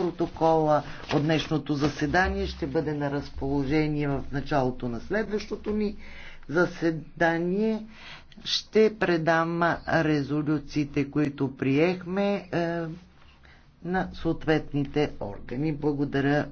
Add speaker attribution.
Speaker 1: Протокола от днешното заседание ще бъде на разположение в началото на следващото ни заседание. Ще предам резолюциите, които приехме е, на
Speaker 2: съответните органи. Благодаря.